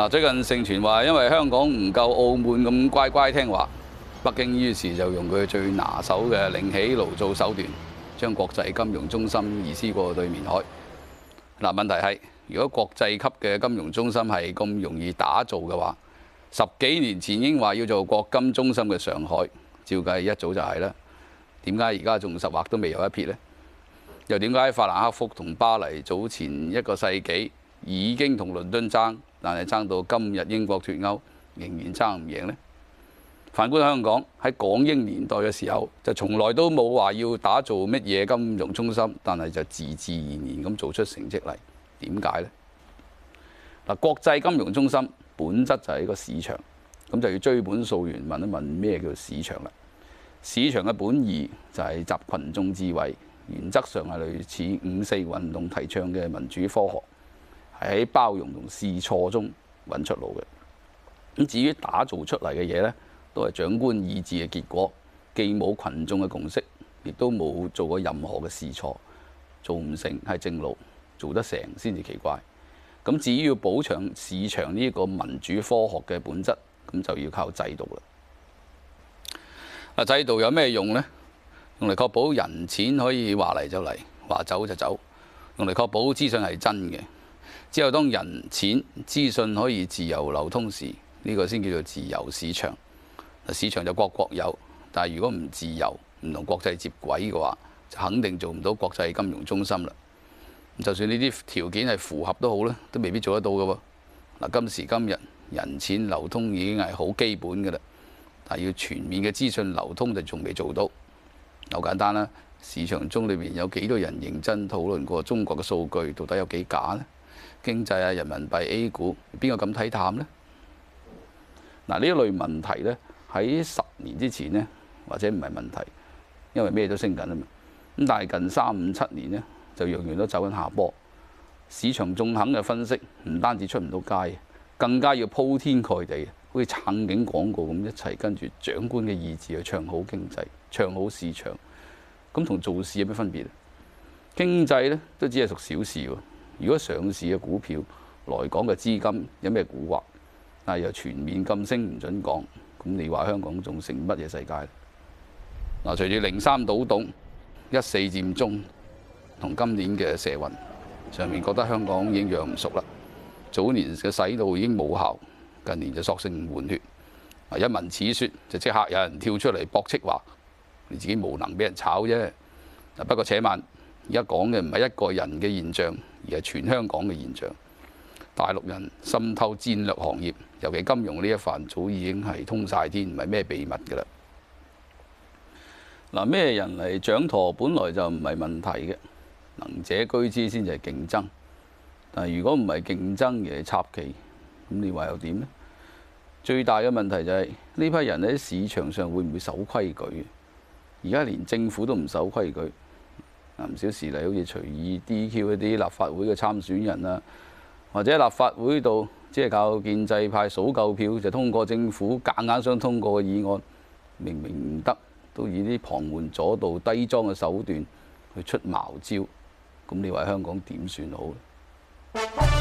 嗱，最近盛傳話，因為香港唔夠澳門咁乖乖聽話，北京於是就用佢最拿手嘅另起爐灶手段，將國際金融中心移師過對面海。嗱，問題係，如果國際級嘅金融中心係咁容易打造嘅話，十幾年前英話要做國金中心嘅上海，照計一早就係啦。點解而家仲十劃都未有一撇呢？又點解法蘭克福同巴黎早前一個世紀已經同倫敦爭？但係爭到今日英國脱歐仍然爭唔贏呢？反觀香港喺港英年代嘅時候，就從來都冇話要打造乜嘢金融中心，但係就自自然然咁做出成績嚟。點解呢？嗱，國際金融中心本質就係一個市場，咁就要追本溯源問一問咩叫市場啦。市場嘅本義就係集群眾智慧，原則上係類似五四運動提倡嘅民主科學。喺包容同試錯中揾出路嘅。咁至於打造出嚟嘅嘢呢，都係長官意志嘅結果，既冇群眾嘅共識，亦都冇做過任何嘅試錯，做唔成係正路，做得成先至奇怪。咁至於要保障市場呢個民主科學嘅本質，咁就要靠制度啦。制度有咩用呢？用嚟確保人錢可以話嚟就嚟，話走就走；用嚟確保資訊係真嘅。只有當人錢資訊可以自由流通時，呢個先叫做自由市場。市場就各國有，但係如果唔自由、唔同國際接軌嘅話，就肯定做唔到國際金融中心啦。就算呢啲條件係符合都好咧，都未必做得到嘅喎。嗱，今時今日人錢流通已經係好基本嘅啦，但係要全面嘅資訊流通就仲未做到。好簡單啦，啊，市場中裏面有幾多人認真討論過中國嘅數據到底有幾假呢？經濟啊，人民幣 A 股，邊個咁睇淡呢？嗱呢一類問題呢，喺十年之前呢，或者唔係問題，因為咩都升緊啊嘛。咁但係近三五七年呢，就樣樣都走緊下坡。市場中肯嘅分析，唔單止出唔到街，更加要鋪天蓋地，好似撐警廣告咁，一齊跟住長官嘅意志去唱好經濟，唱好市場。咁同做事有咩分別？經濟呢，都只係屬小事喎。如果上市嘅股票來港嘅資金有咩蠱惑，但又全面禁聲唔准講，咁你話香港仲成乜嘢世界？嗱，隨住零三倒董、一四佔中同今年嘅社運，上面覺得香港已經養唔熟啦。早年嘅洗腦已經冇效，近年就索性換血。一聞此説，就即刻有人跳出嚟駁斥話：你自己無能，俾人炒啫。不過且慢，而家講嘅唔係一個人嘅現象。而係全香港嘅現象，大陸人滲透戰略行業，尤其金融呢一範，早已經係通晒天，唔係咩秘密嘅啦。嗱，咩人嚟掌舵，本來就唔係問題嘅，能者居之先至係競爭。但係如果唔係競爭而係插旗，咁你話又點呢？最大嘅問題就係呢批人喺市場上會唔會守規矩？而家連政府都唔守規矩。唔少事例，好似隨意 DQ 一啲立法會嘅參選人啊，或者立法會度，即係靠建制派數夠票就通過政府夾硬想通過嘅議案，明明唔得，都以啲旁門左道、低莊嘅手段去出茅招，咁你話香港點算好？